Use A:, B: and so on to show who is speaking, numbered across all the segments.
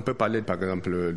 A: par exemple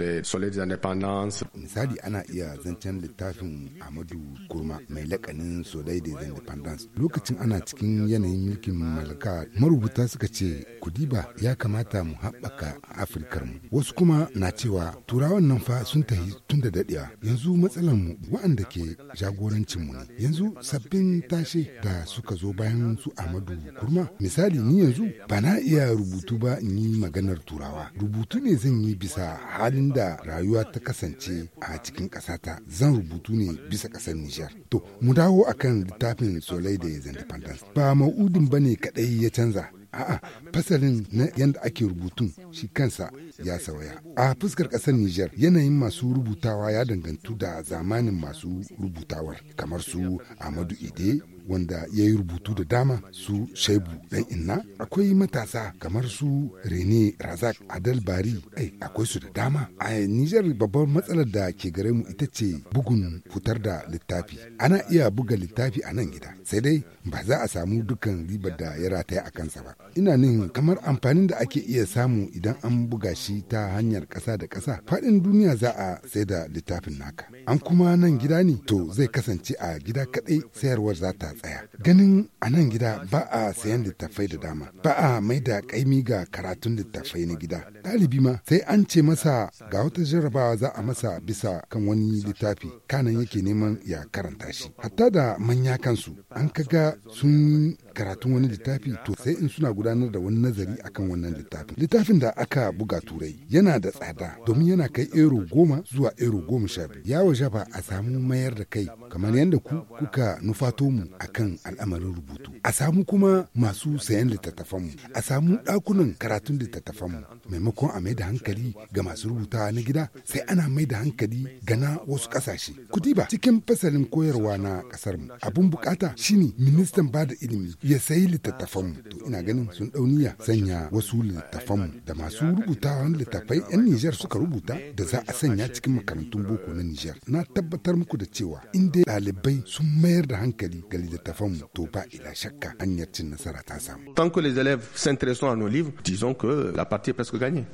A: Misali ana iya zancen littafin Amadu Kurma mai lakanin Soleil des Independence. Lokacin ana cikin yanayin mulkin mallaka marubuta suka ce kudiba ya kamata mu haɓaka Afirkar mu. Wasu kuma na cewa turawan nan fa sun tahi tun da daɗewa. Yanzu matsalar mu waɗanda ke jagorancin mu ne. Yanzu sabbin tashe da suka zo bayan su Amadu Kurma. Misali ni yanzu ba na iya rubutu ba in yi maganar turawa. Rubutu ne zan zan yi bisa halin da rayuwa ta kasance a cikin ƙasata zan rubutu ne bisa ƙasar Nijar. To, mu dawo akan littafin Solai da Independence. Ba ma'udin ba ne kaɗai ya canza, A'a, fasalin na yadda ake rubutun shi kansa ya sauya. A fuskar ƙasar Nijar yanayin masu rubutawa ya dangantu da zamanin masu rubutawar kamar su amadu Ide wanda ya yi rubutu da dama su shaibu dan inna akwai matasa kamar su rene razak adal bari ai akwai su da dama a nijar babbar matsalar da ke gare mu ita ce bugun fitar da littafi ana iya buga littafi a nan gida sai dai ba za a samu dukkan ribar da ya rataya a kansa ba ina nin kamar amfanin da ake iya samu idan an buga shi shi ta hanyar ƙasa da ƙasa faɗin duniya za a sai da littafin naka an kuma nan gida ne to zai kasance a gida kaɗai sayarwar za ta tsaya ganin a nan gida ba a sayan littafai da dama ba a mai da ƙaimi ga karatun littafai na gida ɗalibi ma sai an ce masa ga wata jarrabawa za a masa bisa kan wani littafi kanan yake neman ya karanta shi hatta da manya kansu an kaga sun karatun wani littafi to sai in suna gudanar da wani nazari akan wannan littafin littafin da aka buga turai yana da tsada domin yana kai ero goma zuwa ero goma sha biyu ya waje ba a samu mayar da kai kamar yadda ku kuka nufato mu akan al'amarin rubutu a samu kuma masu sayan littattafan mu. a samu dakunan karatun littattafan mu. maimakon a mai da hankali ga masu rubuta na gida sai ana mai da hankali ga na wasu kasashe. kudi ba cikin fasalin koyarwa na kasar mu. abun bukata shine ministan bada ilimi ya sai littattafan to ina ganin sun dauniya sanya wasu littattafan da masu rubuta littattafai 'yan Nijar suka rubuta da za a sanya cikin makarantun boko na Nijar. Na tabbatar muku da cewa in dai ɗalibai sun mayar da hankali ga littattafan to ba ila shakka hanyar cin nasara ta samu. Tant que les élèves s'intéressent à nos livres, disons que la partie est presque gagnée.